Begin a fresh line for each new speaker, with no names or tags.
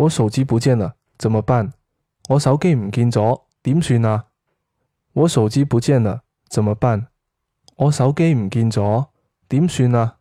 我手機不見了，怎麼辦？我手機唔見咗，點算呀？我手機不見了，怎麼辦？我手機唔見咗，
點算呀？